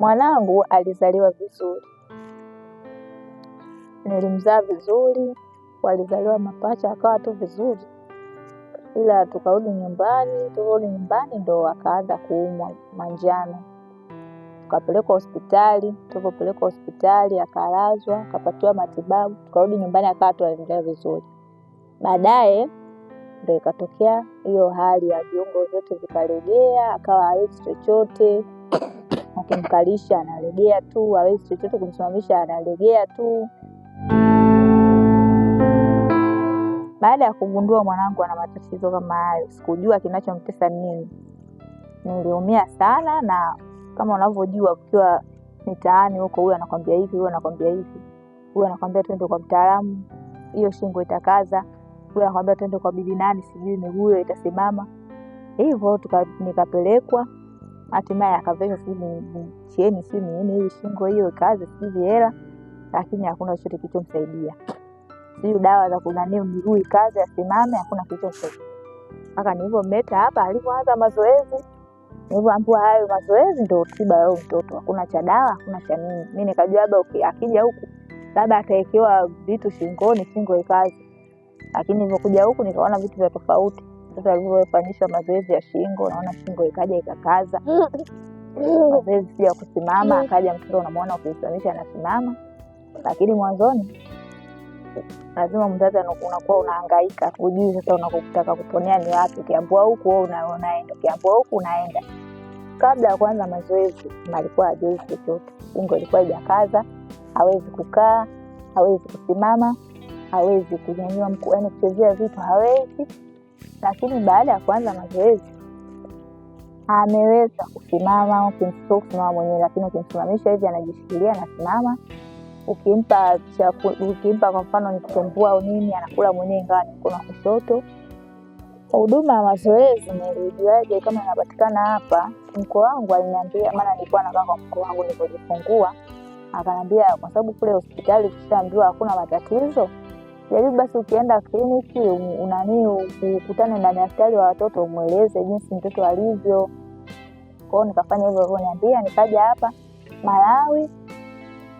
Mwanangu alizaliwa vizuri, nilimzaa vizuri, walizaliwa mapacha akawa tu vizuri, ila tukarudi nyumbani. Tukarudi nyumbani ndo akaanza kuumwa manjano, tukapelekwa hospitali. Tulipopelekwa hospitali akalazwa, akapatiwa matibabu, tukarudi nyumbani akawa tu aendelea vizuri. Baadaye ndo ikatokea hiyo hali ya viungo vyote vikaregea akawa hawezi chochote kumkalisha analegea tu, hawezi chochote kumsimamisha, analegea tu. Baada ya kugundua mwanangu ana matatizo kama hayo, sikujua kinachomtesa nini. Niliumia sana, na kama unavyojua ukiwa mitaani huko, huyu anakwambia hivi, huyo anakwambia hivi, huyu anakwambia twende kwa mtaalamu, hiyo shingo itakaza, huyu anakwambia twende kwa bibi nani, sijui ni huyo, itasimama. Hivyo nikapelekwa hatimaye akavesha, sijui cheni, sijui nini, hii shingo hiyo kazi, sivi hela, lakini hakuna chochote kilichomsaidia, sijui dawa za kunania miguu kazi asimame, hakuna kilichomsaidia mpaka nilivyomleta hapa, alivyoanza mazoezi nilivyoambiwa hayo mazoezi ndio tiba yao mtoto, hakuna cha dawa, hakuna cha nini. Mi nikajua labda akija huku labda atawekewa vitu shingoni, shingo ikazi, lakini nilivyokuja huku nikaona vitu vya tofauti sasa alivyofanyishwa mazoezi ya shingo, naona shingo ikaja ikakaza mazoezi pia kusimama, mm. akaja mtoto unamwona ukisimamisha anasimama, lakini mwanzoni lazima mzazi unakuwa unahangaika, ujui sasa unakotaka kuponea ni wapi. Ukiambua huku unaenda, ukiambua huku unaenda. Kabla ya kuanza mazoezi alikuwa ajui chochote, shingo ilikuwa ijakaza, hawezi kukaa, hawezi kusimama, hawezi kunyanyua mkuu, yani kuchezea vitu hawezi lakini baada ya kuanza mazoezi ameweza kusimama. Ukimsukuma kusimama mwenyewe, lakini ukimsimamisha hivi anajishikilia, anasimama. Ukimpa ukimpa kwa mfano ni kutumbua au nini, anakula mwenyewe, ingawa ni mkono wa kushoto. Huduma ya mazoezi nilijuaje kama inapatikana hapa? Mko wangu aliniambia, maana nilikuwa nakaa kwa mko wangu nilipojifungua, akaniambia kwa sababu kule hospitali tushaambiwa hakuna matatizo jaribu yaani basi ukienda kliniki um, unanii ukutane na daktari wa watoto umweleze jinsi mtoto alivyo. Kwao nikafanya hivyo niambia nikaja hapa Malawi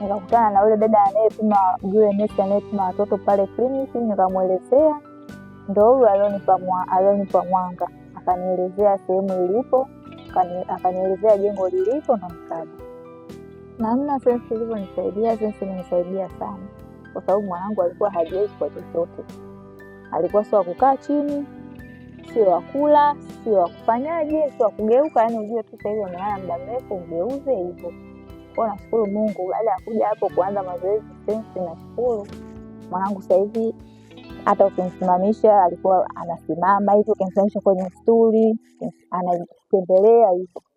nikakutana na ule dada anayepima yule nesi anayepima watoto pale kliniki, nikamwelezea, ndo huyu alionipa mwanga, akanielezea sehemu ilipo, akanielezea jengo lilipo, na mkaja namna. Sensi ilivyonisaidia, sensi imenisaidia sana kwa sababu mwanangu alikuwa hajiwezi kwa chochote, alikuwa sio wa kukaa chini, sio wakula, kula, sio wakufanyaje, sio wakugeuka, yani ujue tu sahivi amelala muda mrefu, mgeuze hivyo kwao. Nashukuru Mungu, baada ya kuja hapo kuanza mazoezi sensi, nashukuru mwanangu sahivi hata ukimsimamisha alikuwa anasimama hivi, ukimsimamisha kwenye stuli anatembelea hivyo.